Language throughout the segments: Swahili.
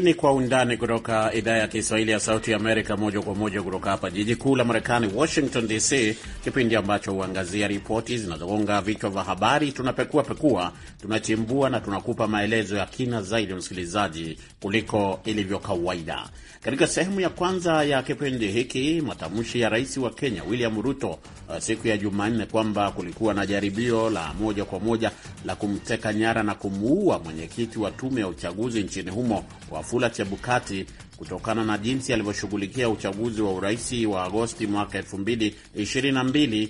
Hii ni Kwa Undani kutoka idhaa ya Kiswahili ya Sauti Amerika, moja kwa moja kutoka hapa jiji kuu la Marekani, Washington DC, kipindi ambacho huangazia ripoti zinazogonga vichwa vya habari. Tunapekua pekua, tunachimbua na tunakupa maelezo ya kina zaidi, msikilizaji, kuliko ilivyo kawaida. Katika sehemu ya kwanza ya kipindi hiki, matamshi ya rais wa Kenya William Ruto uh, siku ya Jumanne kwamba kulikuwa na jaribio la moja kwa moja la kumteka nyara na kumuua mwenyekiti wa tume ya uchaguzi nchini humo wa Wafula Chebukati kutokana na jinsi alivyoshughulikia uchaguzi wa uraisi wa Agosti mwaka 2022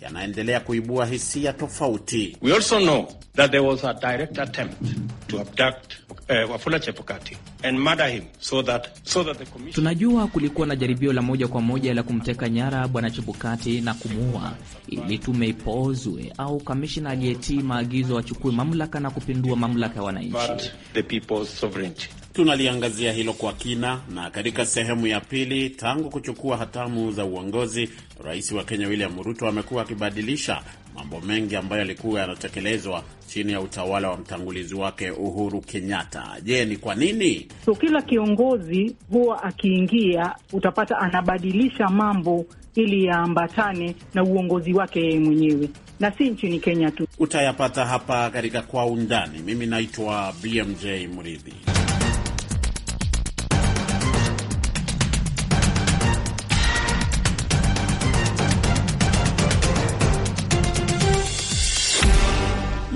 yanaendelea kuibua hisia tofauti. We also know that there was a direct attempt to abduct uh, Wafula Chebukati and murder him so that, so that the commission... Tunajua kulikuwa na jaribio la moja kwa moja la kumteka nyara bwana Chebukati na kumuua ili tume ipoozwe au kamishina aliyetii maagizo achukue mamlaka na kupindua mamlaka ya wananchi. Tunaliangazia hilo kwa kina, na katika sehemu ya pili, tangu kuchukua hatamu za uongozi, rais wa Kenya William Ruto amekuwa akibadilisha mambo mengi ambayo yalikuwa yanatekelezwa chini ya utawala wa mtangulizi wake Uhuru Kenyatta. Je, ni kwa nini? So kila kiongozi huwa akiingia, utapata anabadilisha mambo ili yaambatane na uongozi wake yeye mwenyewe na si nchini Kenya tu. Utayapata hapa katika Kwa Undani. Mimi naitwa BMJ Mridhi.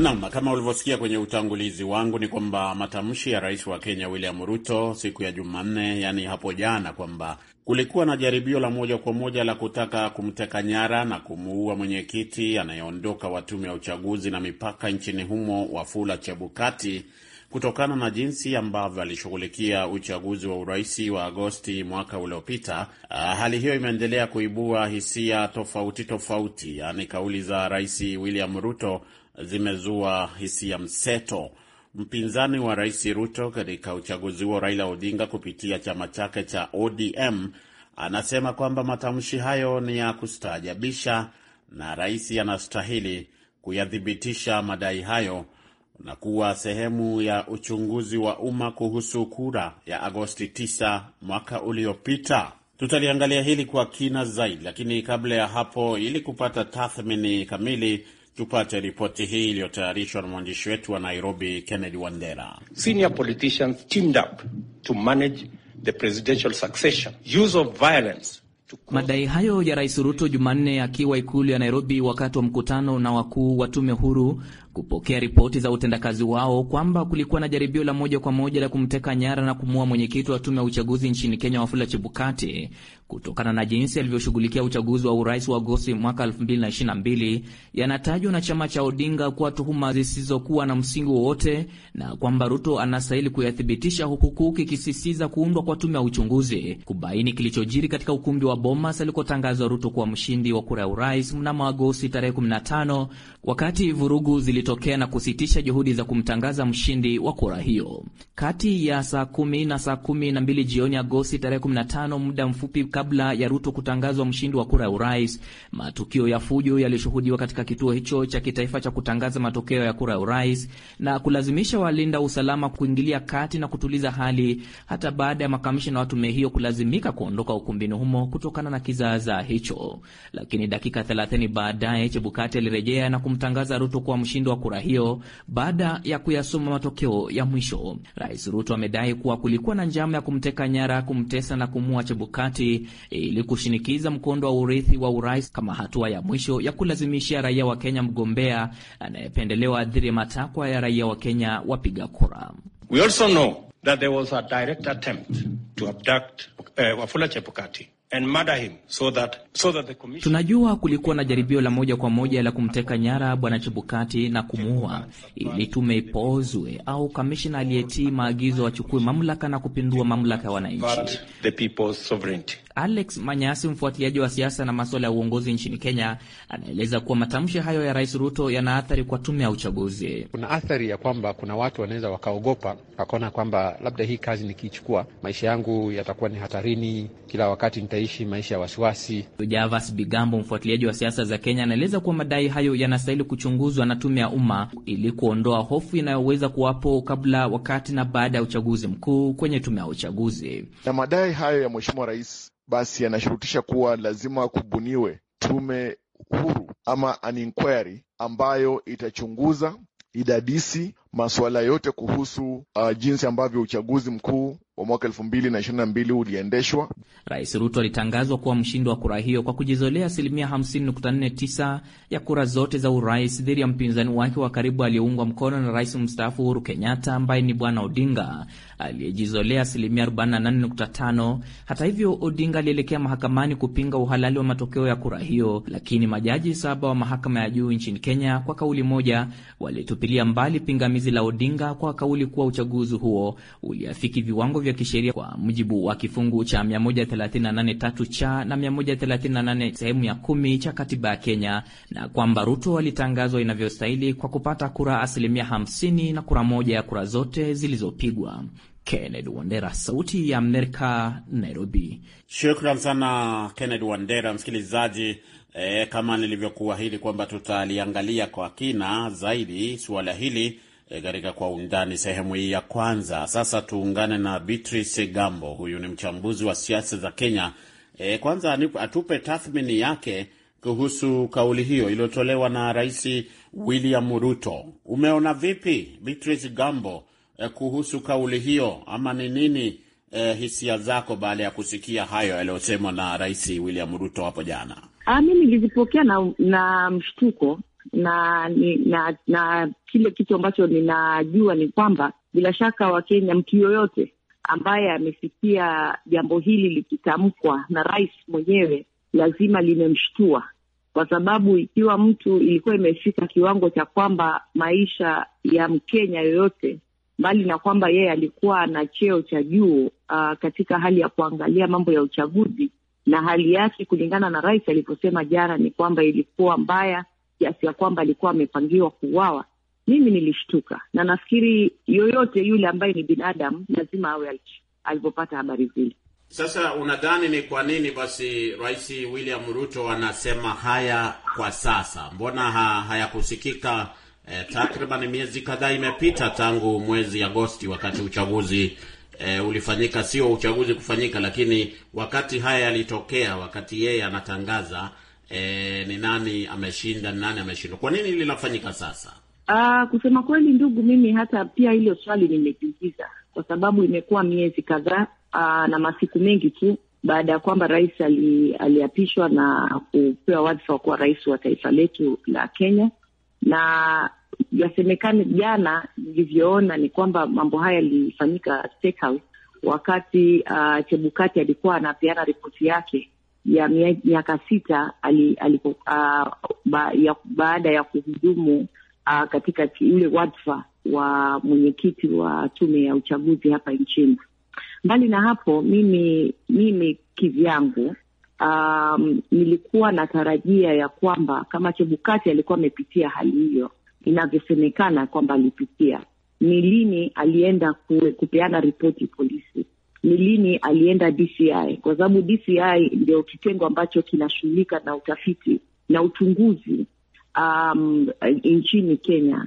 Naam, kama ulivyosikia kwenye utangulizi wangu ni kwamba matamshi ya rais wa Kenya William Ruto siku ya Jumanne, yaani hapo jana, kwamba kulikuwa na jaribio la moja kwa moja la kutaka kumteka nyara na kumuua mwenyekiti anayeondoka wa tume ya uchaguzi na mipaka nchini humo Wafula Chebukati kutokana na jinsi ambavyo alishughulikia uchaguzi wa uraisi wa Agosti mwaka uliopita. Ah, hali hiyo imeendelea kuibua hisia tofauti tofauti, yaani kauli za rais William Ruto zimezua hisia mseto. Mpinzani wa rais Ruto katika uchaguzi huo, Raila Odinga, kupitia chama chake cha ODM, anasema kwamba matamshi hayo ni ya kustaajabisha na rais anastahili kuyathibitisha madai hayo na kuwa sehemu ya uchunguzi wa umma kuhusu kura ya Agosti 9 mwaka uliopita. Tutaliangalia hili kwa kina zaidi, lakini kabla ya hapo, ili kupata tathmini kamili Tupate ripoti hii iliyotayarishwa na mwandishi wetu wa Nairobi, Kennedy Wandera. Senior politicians teamed up to manage the presidential succession. Use of violence Madai hayo ya Rais Ruto Jumanne akiwa ikulu ya Nairobi wakati wa mkutano na wakuu wa tume huru kupokea ripoti za utendakazi wao kwamba kulikuwa na jaribio la moja kwa moja la kumteka nyara na kumuua mwenyekiti wa tume ya uchaguzi nchini Kenya Wafula Chebukati kutokana na jinsi alivyoshughulikia uchaguzi wa urais wa Agosti mwaka 2022 yanatajwa na chama cha Odinga kuwa tuhuma zisizokuwa na msingi wowote na kwamba Ruto anastahili kuyathibitisha, huku kuu kikisisitiza kuundwa kwa tume ya uchunguzi kubaini kilichojiri katika ukumbi wa Bomas alikotangazwa Ruto kuwa mshindi wa kura ya urais mnamo Agosti tarehe 15 wakati vurugu zili ilitokea na kusitisha juhudi za kumtangaza mshindi wa kura hiyo. Kati ya saa kumi na saa kumi na mbili jioni Agosti tarehe 15, muda mfupi kabla ya Ruto kutangazwa mshindi wa kura ya urais, matukio ya fujo yalishuhudiwa katika kituo hicho cha kitaifa cha kutangaza matokeo ya kura ya urais na kulazimisha walinda usalama kuingilia kati na kutuliza hali hata baada ya makamishina wa tume hiyo kulazimika kuondoka ukumbini humo kutokana na kizaazaa hicho. Lakini dakika 30 baadaye Chebukati alirejea na kumtangaza Ruto kuwa mshindi kuchukua kura hiyo baada ya kuyasoma matokeo ya mwisho. Rais Ruto amedai kuwa kulikuwa na njama ya kumteka nyara, kumtesa na kumua Chebukati ili kushinikiza mkondo wa urithi wa urais kama hatua ya mwisho ya kulazimisha raia wa Kenya mgombea anayependelewa adhiri matakwa ya raia wa Kenya wapiga kura. We also know that there was a direct attempt to abduct, uh, Wafula Chebukati. And murder him so that, so that the commission... Tunajua kulikuwa na jaribio la moja kwa moja la kumteka nyara bwana Chebukati na kumuua ili tume ipozwe au kamishina aliyetii maagizo achukue mamlaka na kupindua mamlaka ya wananchi. Alex Manyasi, mfuatiliaji wa siasa na maswala ya uongozi nchini Kenya, anaeleza kuwa matamshi hayo ya Rais Ruto yana athari kwa tume ya uchaguzi. Kuna athari ya kwamba kuna watu wanaweza wakaogopa, wakaona kwamba labda hii kazi nikiichukua, maisha yangu yatakuwa ni hatarini, kila wakati nitaishi maisha ya wasiwasi. Javas Bigambo, mfuatiliaji wa siasa za Kenya, anaeleza kuwa madai hayo yanastahili kuchunguzwa na tume ya umma ili kuondoa hofu inayoweza kuwapo kabla, wakati na baada ya uchaguzi mkuu kwenye tume ya uchaguzi. Na madai hayo ya Mheshimiwa Rais basi anashurutisha kuwa lazima kubuniwe tume huru ama an inquiry ambayo itachunguza idadisi masuala yote kuhusu uh, jinsi ambavyo uchaguzi mkuu wa mwaka elfu mbili na ishirini na mbili uliendeshwa. Rais Ruto alitangazwa kuwa mshindi wa kura hiyo kwa kujizolea asilimia 50.49 ya kura zote za urais dhidi ya mpinzani wake wa karibu aliyeungwa mkono na rais mstaafu Uhuru Kenyatta ambaye ni Bwana Odinga aliyejizolea asilimia 48.5. Hata hivyo, Odinga alielekea mahakamani kupinga uhalali wa matokeo ya kura hiyo, lakini majaji saba wa mahakama ya juu nchini Kenya kwa kauli moja walitupilia mbali pingamizi zoezi la Odinga kwa kauli kuwa uchaguzi huo uliafiki viwango vya kisheria kwa mujibu wa kifungu cha 138.3 cha na 138 sehemu ya kumi cha katiba ya Kenya, na kwamba Ruto alitangazwa inavyostahili kwa kupata kura asilimia 50 na kura moja ya kura zote zilizopigwa. Kennedy Wandera, Sauti ya Amerika, Nairobi. Shukran sana Kennedy Wandera. Msikilizaji, e, kama nilivyokuahidi kwamba tutaliangalia kwa kina zaidi suala hili Eh, katika Kwa Undani sehemu hii ya kwanza. Sasa tuungane na Beatrice Gambo, huyu ni mchambuzi wa siasa za Kenya. E, kwanza atupe tathmini yake kuhusu kauli hiyo iliyotolewa na Rais William Ruto. Umeona vipi Beatrice Gambo, e, kuhusu kauli hiyo ama ni nini e, hisia zako baada ya kusikia hayo yaliyosemwa na Rais William Ruto hapo jana? Ah, mimi nilizipokea na, na mshtuko na, ni, na na kile kitu ambacho ninajua ni kwamba bila shaka Wakenya, mtu yoyote ambaye amesikia jambo hili likitamkwa na rais mwenyewe lazima limemshtua, kwa sababu ikiwa mtu ilikuwa imefika kiwango cha kwamba maisha ya Mkenya yoyote mbali na kwamba yeye alikuwa na cheo cha juu ah, katika hali ya kuangalia mambo ya uchaguzi, na hali yake kulingana na rais alivyosema jana ni kwamba ilikuwa mbaya kiasi ya kwamba alikuwa amepangiwa kuuawa, mimi nilishtuka, na nafikiri yoyote yule ambaye ni binadamu lazima awe alivyopata habari zile. Sasa unadhani ni kwa nini basi Rais William Ruto anasema haya kwa sasa? Mbona ha, hayakusikika eh, takriban miezi kadhaa imepita tangu mwezi Agosti wakati uchaguzi eh, ulifanyika, sio uchaguzi kufanyika, lakini wakati haya yalitokea, wakati yeye anatangaza e, ni nani ameshinda, ni nani ameshindwa? Kwa nini linafanyika sasa? Uh, kusema kweli ndugu, mimi hata pia hilo swali nimejiuliza, kwa sababu imekuwa miezi kadhaa ah, na masiku mengi tu baada ya kwamba rais ali, aliapishwa na kupewa wadhifa wa kuwa rais wa taifa letu la Kenya, na yasemekane jana nilivyoona ni kwamba mambo haya yalifanyika State House wakati uh, Chebukati alikuwa anapeana ripoti yake ya miaka sita ali, ali, uh, ba, ya, baada ya kuhudumu uh, katika ule wadhifa wa mwenyekiti wa tume ya uchaguzi hapa nchini. Mbali na hapo, mimi mimi kivyangu um, nilikuwa na tarajia ya kwamba kama Chebukati alikuwa amepitia hali hiyo inavyosemekana kwamba alipitia, ni lini alienda kupeana ripoti polisi ni lini alienda DCI, kwa sababu DCI ndio kitengo ambacho kinashughulika na utafiti na uchunguzi um, nchini Kenya.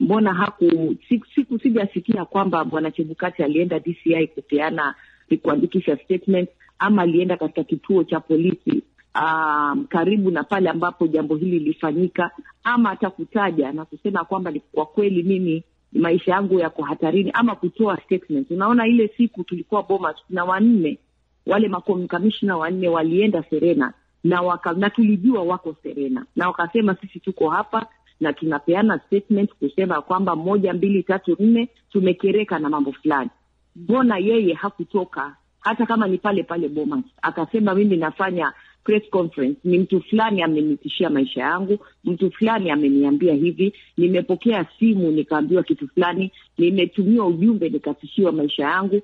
Mbona haku siku, siku sijasikia kwamba bwana Chebukati alienda DCI kupeana kuandikisha statement ama alienda katika kituo cha polisi um, karibu na pale ambapo jambo hili lilifanyika, ama atakutaja na kusema kwamba kwa kweli mimi maisha yangu yako hatarini, ama kutoa statement. Unaona, ile siku tulikuwa Bomas na wanne wale makomkamishna wanne walienda Serena na waka, na tulijua wako Serena na wakasema sisi tuko hapa na tunapeana statement kusema kwamba moja mbili tatu nne tumekereka na mambo fulani. Mbona yeye hakutoka hata kama ni pale pale Bomas akasema mimi nafanya press conference, ni mtu fulani amenitishia maisha yangu, mtu fulani ameniambia hivi, nimepokea simu nikaambiwa kitu fulani, nimetumiwa ujumbe nikatishiwa maisha yangu.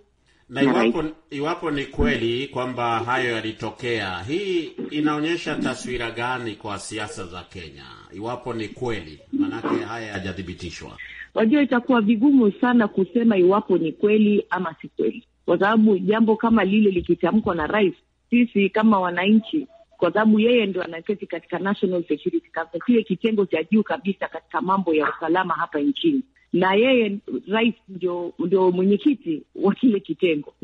Na iwapo, iwapo ni kweli kwamba hayo yalitokea, hii inaonyesha taswira gani kwa siasa za Kenya? Iwapo ni kweli, maanake haya hayajathibitishwa. Wajua, itakuwa vigumu sana kusema iwapo ni kweli ama si kweli, kwa sababu jambo kama lile likitamkwa na rais sisi kama wananchi, kwa sababu yeye ndio anaketi katika National Security Council, kile kitengo cha juu kabisa katika mambo ya usalama hapa nchini, na yeye rais ndio, ndio mwenyekiti wa kile kitengo.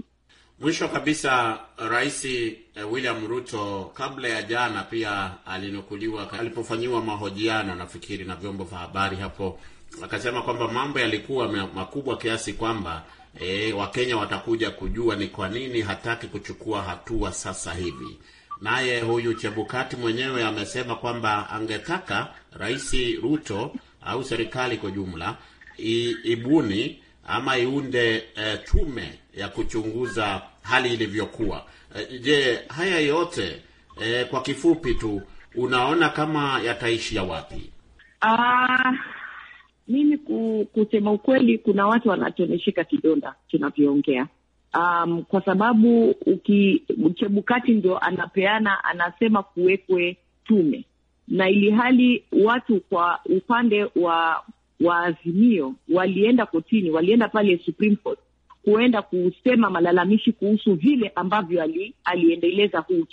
Mwisho kabisa, Rais eh, William Ruto kabla ya jana pia alinukuliwa alipofanyiwa mahojiano nafikiri na vyombo vya habari hapo, akasema kwamba mambo yalikuwa makubwa kiasi kwamba e, Wakenya watakuja kujua ni kwa nini hataki kuchukua hatua sasa hivi. Naye huyu Chebukati mwenyewe amesema kwamba angetaka Rais Ruto au serikali kwa jumla i, ibuni ama iunde e, tume ya kuchunguza hali ilivyokuwa. E, je, haya yote e, kwa kifupi tu unaona kama yataishia wapi? Uh, mimi kusema ukweli, kuna watu wanatonesheka kidonda tunavyoongea, um, kwa sababu uki Chebukati ndio anapeana anasema kuwekwe tume, na ili hali watu kwa upande wa waazimio walienda kotini, walienda pale Supreme Court kuenda kusema malalamishi kuhusu vile ambavyo ali, aliendeleza huu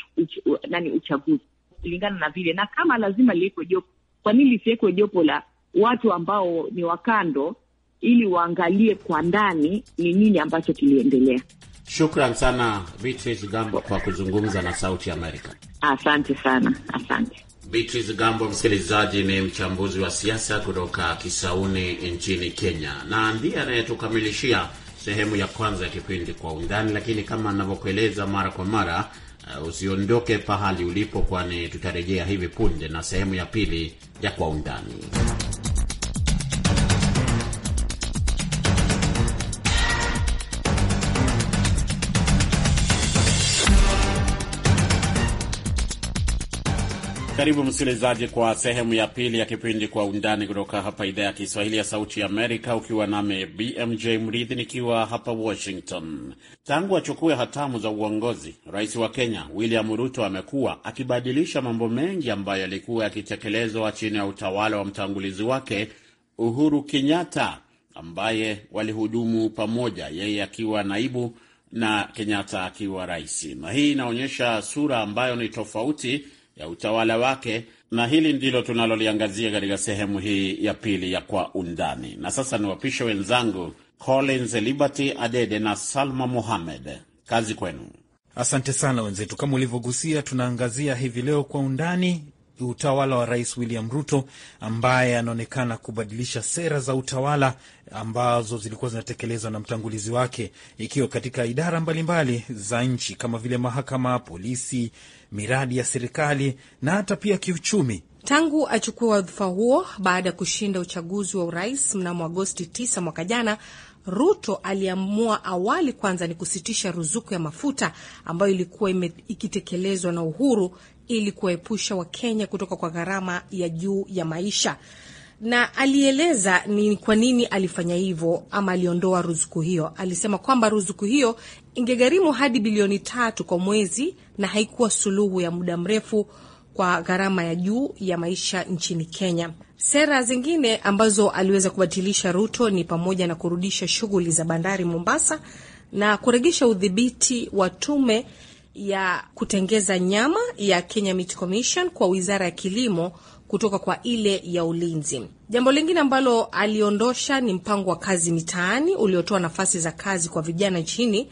nani uchaguzi kulingana na vile, na kama lazima liwekwe jopo, kwa nini lisiwekwe jopo la watu ambao ni wakando ili waangalie kwa ndani ni nini ambacho kiliendelea. Shukran sana Beatrice Gambo kwa kuzungumza na Sauti Amerika. Asante sana, asante. Beatrice Gambo, msikilizaji, ni mchambuzi wa siasa kutoka Kisauni nchini Kenya, na ndiye anayetukamilishia sehemu ya kwanza ya kipindi Kwa Undani. Lakini kama anavyokueleza mara kwa mara, uh, usiondoke pahali ulipo, kwani tutarejea hivi punde na sehemu ya pili ya Kwa Undani. Karibu msikilizaji kwa sehemu ya pili ya kipindi Kwa Undani kutoka hapa idhaa ya Kiswahili ya Sauti ya Amerika, ukiwa nami BMJ Mridhi nikiwa hapa Washington. Tangu achukue hatamu za uongozi, rais wa Kenya William Ruto amekuwa akibadilisha mambo mengi ambayo yalikuwa yakitekelezwa chini ya utawala wa mtangulizi wake Uhuru Kenyatta, ambaye walihudumu pamoja, yeye akiwa naibu na Kenyatta akiwa rais, na hii inaonyesha sura ambayo ni tofauti ya utawala wake, na hili ndilo tunaloliangazia katika sehemu hii ya pili ya Kwa Undani. Na sasa niwapishe wenzangu Collins Liberty Adede na Salma Mohamed. Kazi kwenu. Asante sana wenzetu. Kama ulivyogusia, tunaangazia hivi leo kwa undani utawala wa Rais William Ruto ambaye anaonekana kubadilisha sera za utawala ambazo zilikuwa zinatekelezwa na mtangulizi wake, ikiwa katika idara mbalimbali mbali za nchi kama vile mahakama, polisi miradi ya serikali na hata pia kiuchumi. Tangu achukua wadhifa huo baada ya kushinda uchaguzi wa urais mnamo Agosti 9 mwaka jana, Ruto aliamua awali kwanza ni kusitisha ruzuku ya mafuta ambayo ilikuwa ikitekelezwa na Uhuru ili kuwaepusha Wakenya kutoka kwa gharama ya juu ya maisha, na alieleza ni kwa nini alifanya hivyo ama aliondoa ruzuku hiyo. Alisema kwamba ruzuku hiyo ingegharimu hadi bilioni tatu kwa mwezi na haikuwa suluhu ya muda mrefu kwa gharama ya juu ya maisha nchini Kenya. Sera zingine ambazo aliweza kubatilisha Ruto ni pamoja na kurudisha shughuli za bandari Mombasa na kuregesha udhibiti wa tume ya kutengeza nyama ya Kenya Meat Commission kwa wizara ya kilimo kutoka kwa ile ya ulinzi. Jambo lingine ambalo aliondosha ni mpango wa kazi mitaani uliotoa nafasi za kazi kwa vijana nchini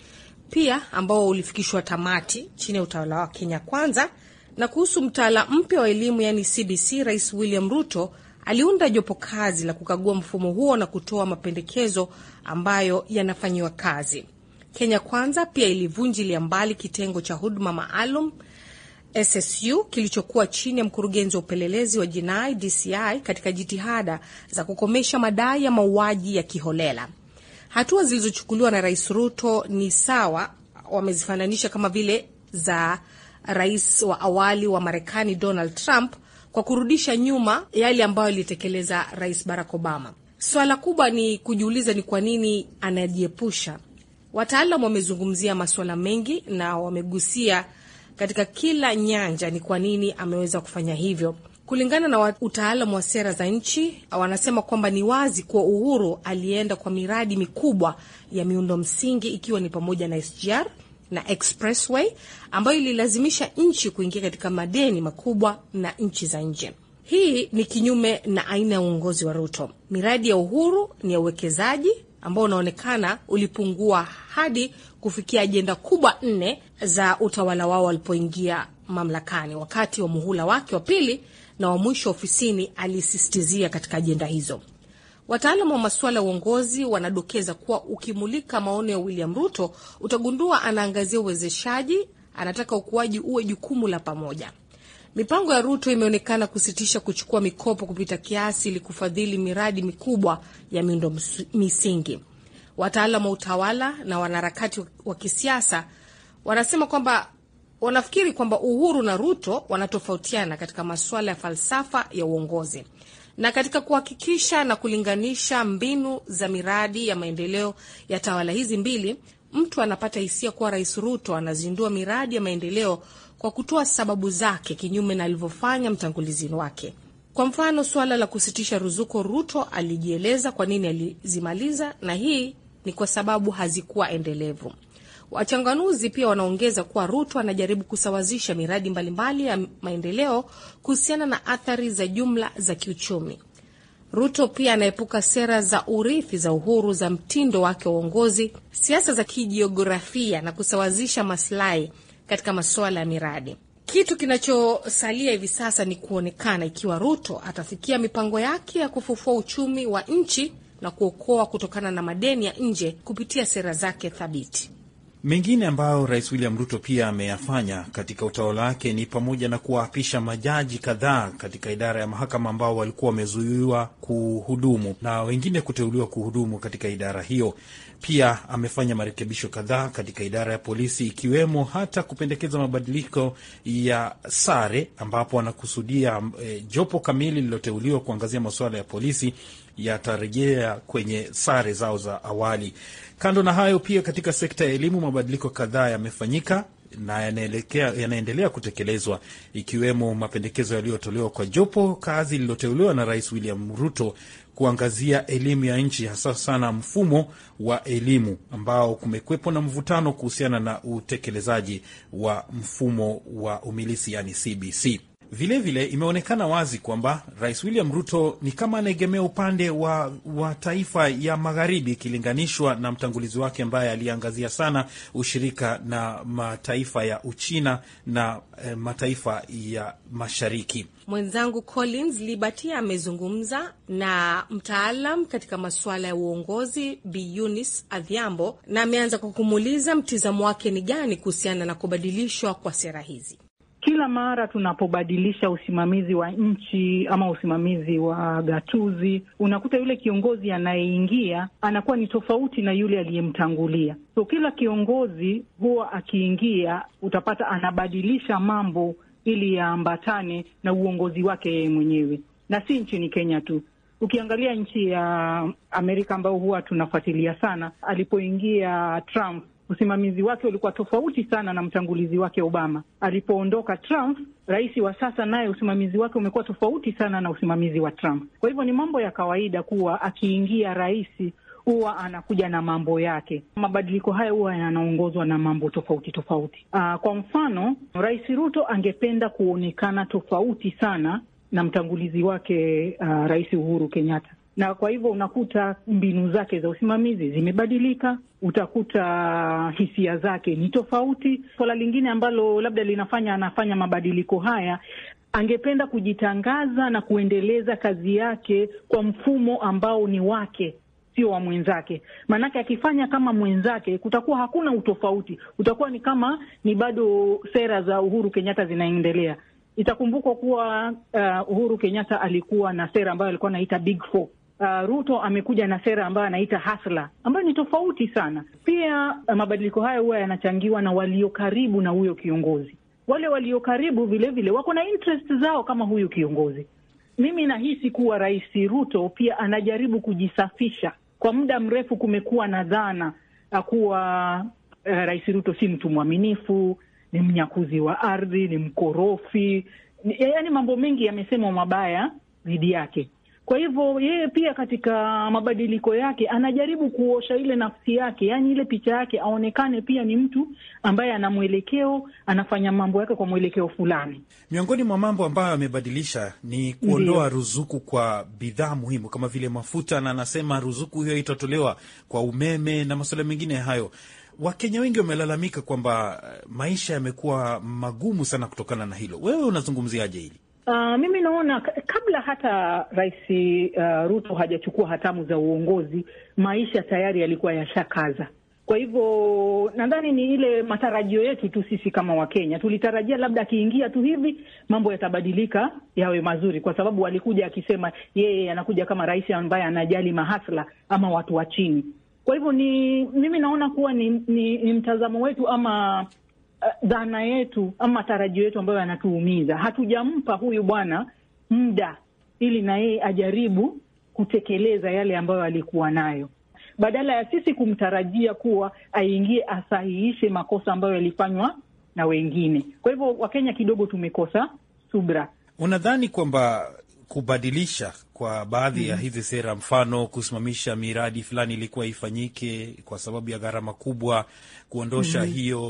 pia ambao ulifikishwa tamati chini ya utawala wa Kenya Kwanza, na kuhusu mtaala mpya wa elimu yani CBC, Rais William Ruto aliunda jopo kazi la kukagua mfumo huo na kutoa mapendekezo ambayo yanafanyiwa kazi. Kenya Kwanza pia ilivunjilia mbali kitengo cha huduma maalum SSU kilichokuwa chini ya mkurugenzi wa upelelezi wa jinai DCI katika jitihada za kukomesha madai ya mauaji ya kiholela. Hatua zilizochukuliwa na Rais Ruto ni sawa, wamezifananisha kama vile za rais wa awali wa Marekani Donald Trump kwa kurudisha nyuma yale ambayo alitekeleza Rais Barack Obama. Swala kubwa ni kujiuliza ni kwa nini anajiepusha. Wataalam wamezungumzia masuala mengi na wamegusia katika kila nyanja ni kwa nini ameweza kufanya hivyo. Kulingana na utaalamu wa sera za nchi, wanasema kwamba ni wazi kuwa Uhuru alienda kwa miradi mikubwa ya miundo msingi ikiwa ni pamoja na SGR na expressway ambayo ililazimisha nchi kuingia katika madeni makubwa na nchi za nje. Hii ni kinyume na aina ya uongozi wa Ruto. Miradi ya Uhuru ni ya uwekezaji ambao unaonekana ulipungua hadi kufikia ajenda kubwa nne za utawala wao walipoingia mamlakani. Wakati wa muhula wake wa pili, na wa mwisho ofisini, alisistizia katika ajenda hizo. Wataalamu wa masuala ya uongozi wanadokeza kuwa ukimulika maono ya William Ruto utagundua anaangazia uwezeshaji, anataka ukuaji uwe jukumu la pamoja. Mipango ya Ruto imeonekana kusitisha kuchukua mikopo kupita kiasi ili kufadhili miradi mikubwa ya miundo misingi. Wataalam wa utawala na wanaharakati wa kisiasa wanasema kwamba wanafikiri kwamba Uhuru na Ruto wanatofautiana katika masuala ya falsafa ya uongozi na katika kuhakikisha na kulinganisha mbinu za miradi ya maendeleo ya tawala hizi mbili, mtu anapata hisia kuwa Rais Ruto anazindua miradi ya maendeleo kwa kutoa sababu zake, kinyume na alivyofanya mtangulizi wake. Kwa mfano, suala la kusitisha ruzuko Ruto alijieleza kwa nini alizimaliza, na hii ni kwa sababu hazikuwa endelevu. Wachanganuzi pia wanaongeza kuwa Ruto anajaribu kusawazisha miradi mbalimbali ya maendeleo kuhusiana na athari za jumla za kiuchumi. Ruto pia anaepuka sera za urithi za Uhuru za mtindo wake wa uongozi, siasa za kijiografia na kusawazisha masilahi katika masuala ya miradi. Kitu kinachosalia hivi sasa ni kuonekana ikiwa Ruto atafikia mipango yake ya kufufua uchumi wa nchi na kuokoa kutokana na madeni ya nje kupitia sera zake thabiti. Mengine ambayo Rais William Ruto pia ameyafanya katika utawala wake ni pamoja na kuwaapisha majaji kadhaa katika idara ya mahakama ambao walikuwa wamezuiwa kuhudumu na wengine kuteuliwa kuhudumu katika idara hiyo. Pia amefanya marekebisho kadhaa katika idara ya polisi, ikiwemo hata kupendekeza mabadiliko ya sare, ambapo anakusudia e, jopo kamili lililoteuliwa kuangazia masuala ya polisi yatarejea kwenye sare zao za awali. Kando na hayo, pia katika sekta ya elimu mabadiliko kadhaa yamefanyika na yanaelekea yanaendelea kutekelezwa ikiwemo mapendekezo yaliyotolewa kwa jopo kazi lililoteuliwa na Rais William Ruto kuangazia elimu ya nchi hasa sana mfumo wa elimu ambao kumekwepo na mvutano kuhusiana na utekelezaji wa mfumo wa umilisi yani CBC. Vilevile vile, imeonekana wazi kwamba Rais William Ruto ni kama anaegemea upande wa, wa taifa ya magharibi ikilinganishwa na mtangulizi wake ambaye aliangazia sana ushirika na mataifa ya Uchina na eh, mataifa ya mashariki. Mwenzangu Collins Liberty amezungumza na mtaalam katika masuala ya uongozi Bi Eunice Adhiambo, na ameanza kwa kumuuliza mtizamo wake ni gani kuhusiana na kubadilishwa kwa sera hizi. Kila mara tunapobadilisha usimamizi wa nchi ama usimamizi wa gatuzi, unakuta yule kiongozi anayeingia anakuwa ni tofauti na yule aliyemtangulia. So kila kiongozi huwa akiingia, utapata anabadilisha mambo ili yaambatane na uongozi wake yeye mwenyewe, na si nchini Kenya tu. Ukiangalia nchi ya Amerika ambayo huwa tunafuatilia sana, alipoingia Trump usimamizi wake ulikuwa tofauti sana na mtangulizi wake Obama. Alipoondoka Trump, rais wa sasa naye usimamizi wake umekuwa tofauti sana na usimamizi wa Trump. Kwa hivyo ni mambo ya kawaida kuwa akiingia rais huwa anakuja na mambo yake. Mabadiliko haya huwa yanaongozwa na mambo tofauti tofauti. Aa, ah, kwa mfano Rais Ruto angependa kuonekana tofauti sana na mtangulizi wake uh, Rais Uhuru Kenyatta na kwa hivyo unakuta mbinu zake za usimamizi zimebadilika, utakuta hisia zake ni tofauti. Swala lingine ambalo labda linafanya anafanya mabadiliko haya, angependa kujitangaza na kuendeleza kazi yake kwa mfumo ambao ni wake sio wa mwenzake. Maanake akifanya kama mwenzake, kutakuwa hakuna utofauti, utakuwa ni kama ni bado sera za Uhuru Kenyatta zinaendelea. Itakumbukwa kuwa uh, Uhuru Kenyatta alikuwa na sera ambayo alikuwa anaita Big Four uh, Ruto amekuja na sera ambayo anaita hasla ambayo ni tofauti sana. Pia uh, mabadiliko hayo huwa yanachangiwa na walio karibu na huyo kiongozi. Wale walio karibu vilevile wako na interest zao kama huyu kiongozi. Mimi nahisi kuwa Rais Ruto pia anajaribu kujisafisha. Kwa muda mrefu kumekuwa na dhana uh, kuwa uh, Rais Ruto si mtu mwaminifu, ni mnyakuzi wa ardhi, ni mkorofi, yaani mambo mengi yamesemwa mabaya dhidi yake. Kwa hivyo yeye pia katika mabadiliko yake anajaribu kuosha ile nafsi yake, yaani ile picha yake, aonekane pia ni mtu ambaye ana mwelekeo, anafanya mambo yake kwa mwelekeo fulani. Miongoni mwa mambo ambayo amebadilisha ni kuondoa ruzuku kwa bidhaa muhimu kama vile mafuta, na anasema ruzuku hiyo itatolewa kwa umeme na masuala mengine hayo. Wakenya wengi wamelalamika kwamba eh, maisha yamekuwa magumu sana kutokana na hilo. Wewe unazungumziaje hili? Uh, mimi naona kabla hata Rais uh, Ruto hajachukua hatamu za uongozi, maisha tayari yalikuwa yashakaza. Kwa hivyo nadhani ni ile matarajio yetu tu sisi kama Wakenya, tulitarajia labda akiingia tu hivi mambo yatabadilika yawe mazuri, kwa sababu alikuja akisema yeye anakuja kama rais ambaye anajali mahasla ama watu wa chini. Kwa hivyo ni mimi naona kuwa ni, ni, ni mtazamo wetu ama Eh, dhana yetu ama matarajio yetu ambayo yanatuumiza. Hatujampa huyu bwana muda ili na yeye ajaribu kutekeleza yale ambayo alikuwa nayo, badala ya sisi kumtarajia kuwa aingie asahihishe makosa ambayo yalifanywa na wengine. Kwa hivyo Wakenya kidogo tumekosa subra. Unadhani kwamba kubadilisha kwa baadhi mm. ya hizi sera, mfano kusimamisha miradi fulani ilikuwa ifanyike kwa sababu ya gharama kubwa, kuondosha mm. hiyo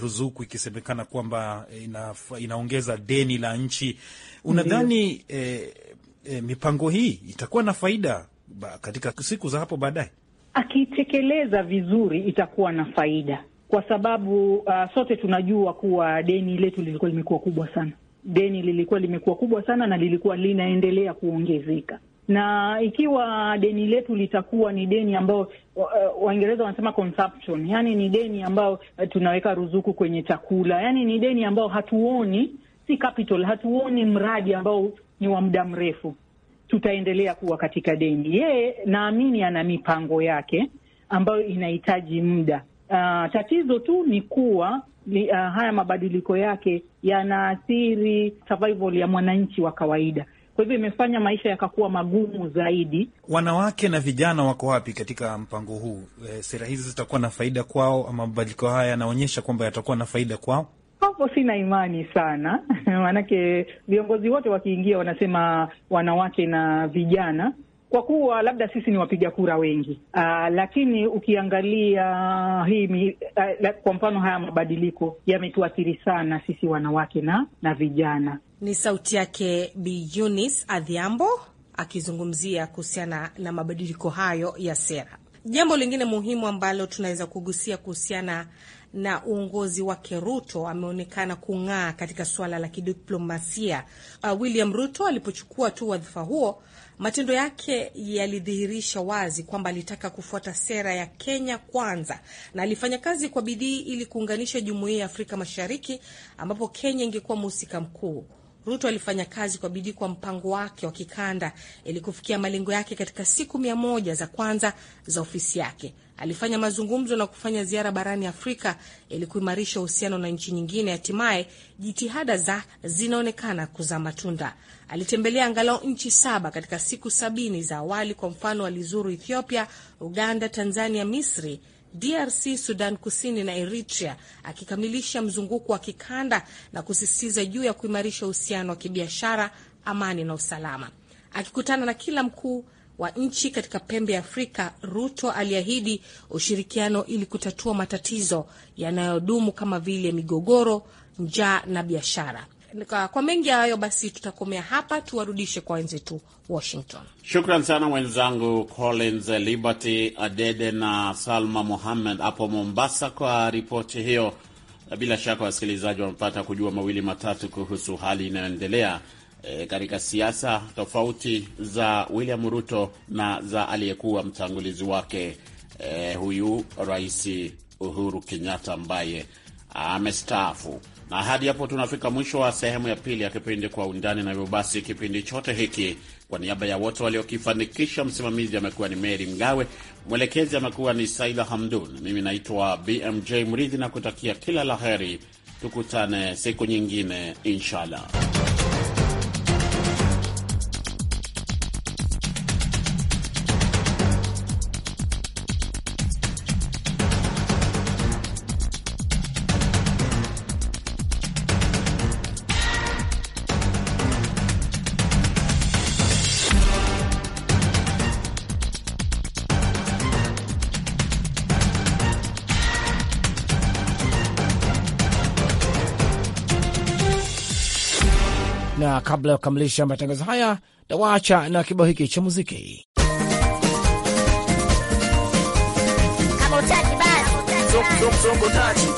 ruzuku ikisemekana kwamba ina, inaongeza deni la nchi. Unadhani eh, eh, mipango hii itakuwa na faida katika siku za hapo baadaye? Akitekeleza vizuri itakuwa na faida, kwa sababu uh, sote tunajua kuwa deni letu lilikuwa limekuwa kubwa sana deni lilikuwa limekuwa kubwa sana na lilikuwa linaendelea kuongezeka na ikiwa deni letu litakuwa ni deni ambayo eh, Waingereza wanasema consumption, yani ni deni ambayo eh, tunaweka ruzuku kwenye chakula, yani ni deni ambayo hatuoni, si capital, hatuoni mradi ambao ni wa muda mrefu, tutaendelea kuwa katika deni. Yeye naamini ana mipango yake ambayo inahitaji muda. Uh, tatizo tu ni kuwa li, uh, haya mabadiliko yake yanaathiri survival ya mwananchi wa kawaida. Kwa hivyo imefanya maisha yakakuwa magumu zaidi. Wanawake na vijana wako wapi katika mpango huu? E, sera hizi zitakuwa na faida kwao, ama mabadiliko haya yanaonyesha kwamba yatakuwa na faida kwao? Hapo sina imani sana maanake viongozi wote wakiingia wanasema wanawake na vijana kwa kuwa labda sisi ni wapiga kura wengi uh, lakini ukiangalia hii mi, uh, la, kwa mfano haya mabadiliko yametuathiri sana sisi wanawake na na vijana. Ni sauti yake Bi Eunice Adhiambo akizungumzia kuhusiana na mabadiliko hayo ya sera. Jambo lingine muhimu ambalo tunaweza kugusia kuhusiana na uongozi wake Ruto ameonekana kung'aa katika suala la kidiplomasia. Uh, William Ruto alipochukua tu wadhifa huo Matendo yake yalidhihirisha wazi kwamba alitaka kufuata sera ya Kenya kwanza na alifanya kazi kwa bidii ili kuunganisha jumuiya ya Afrika Mashariki ambapo Kenya ingekuwa mhusika mkuu. Ruto alifanya kazi kwa bidii kwa mpango wake wa kikanda ili kufikia malengo yake katika siku mia moja za kwanza za ofisi yake. Alifanya mazungumzo na kufanya ziara barani Afrika ili kuimarisha uhusiano na nchi nyingine. Hatimaye jitihada za zinaonekana kuzaa matunda. Alitembelea angalau nchi saba katika siku sabini za awali. Kwa mfano, alizuru Ethiopia, Uganda, Tanzania, Misri, DRC, Sudan Kusini na Eritrea, akikamilisha mzunguko wa kikanda na kusisitiza juu ya kuimarisha uhusiano wa kibiashara, amani na usalama. Akikutana na kila mkuu wa nchi katika pembe ya Afrika, Ruto aliahidi ushirikiano ili kutatua matatizo yanayodumu kama vile migogoro, njaa na biashara. Kwa mengi hayo basi, tutakomea hapa, tuwarudishe kwa wenzetu Washington. Shukran sana mwenzangu Collins Liberty Adede na Salma muhammed hapo Mombasa kwa ripoti hiyo. Bila shaka wasikilizaji wamepata kujua mawili matatu kuhusu hali inayoendelea e, katika siasa tofauti za William Ruto na za aliyekuwa mtangulizi wake e, huyu Rais Uhuru Kenyatta ambaye amestaafu. Na hadi hapo tunafika mwisho wa sehemu ya pili ya kipindi Kwa Undani, na hivyo basi kipindi chote hiki, kwa niaba ya wote waliokifanikisha, msimamizi amekuwa ni Meri Mgawe, mwelekezi amekuwa ni Saila Hamdun, mimi naitwa BMJ Mridhi na kutakia kila la heri. Tukutane siku nyingine inshallah. na kabla ya kukamilisha matangazo haya tawaacha na kibao hiki cha muziki Kabotaji,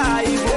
e